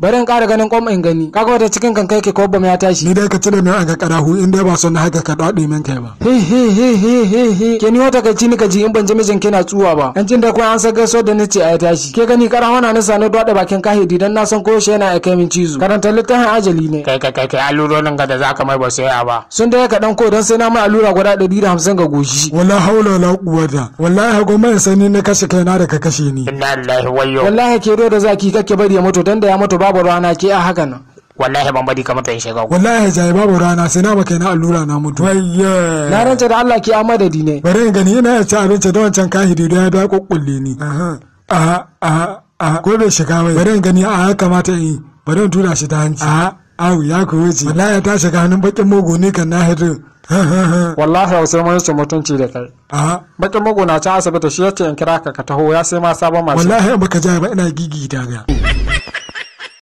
bari in ƙara ganin ƙwam in gani kaga wata cikin kan kai ke ko bam ya tashi ni dai ka cire min an ga karahu in dai ba son na haka ka dade min kai ba he he he he he he ke ni wata kai ni ka ji in ban ji mijin kina tsuwa ba an jin da ko an san gaso da ce ai tashi ke gani wana na sanu da dole bakin kahidi dan na san ko shi yana kai min cizo karanta littafin ajali ne kai kai kai kai nan ga da zaka mai ba sai ba sun da ka dan ko dan sai na mai allura guda 150 ga goshi wala haula la quwata wallahi goma sai sani ne kashe na da ka kashe ni inna lillahi wayyo wallahi ke da zaki kake bari ya mutu dan da ya mutu ba babu rana ke a haka nan wallahi ban bari kamar ta yi shiga wallahi jaye babu rana sai na maka na allura na mutu wayye na rance da Allah ke di ne bari in gani ina ya ci abinci da wancan kahiri da ya da kokkulle ni aha aha aha ko bai shiga bai bari in gani a kamata in yi bari in tura shi ta hanci aha awu ya ku wuce wallahi ta shiga hannun bakin mugu ne kan na hidu wallahi hausa mun su mutunci da kai bakin mugu na ta asibiti shi yace in kira ka ka taho ya sai ma sabon masu wallahi baka jaye ba ina gigi daga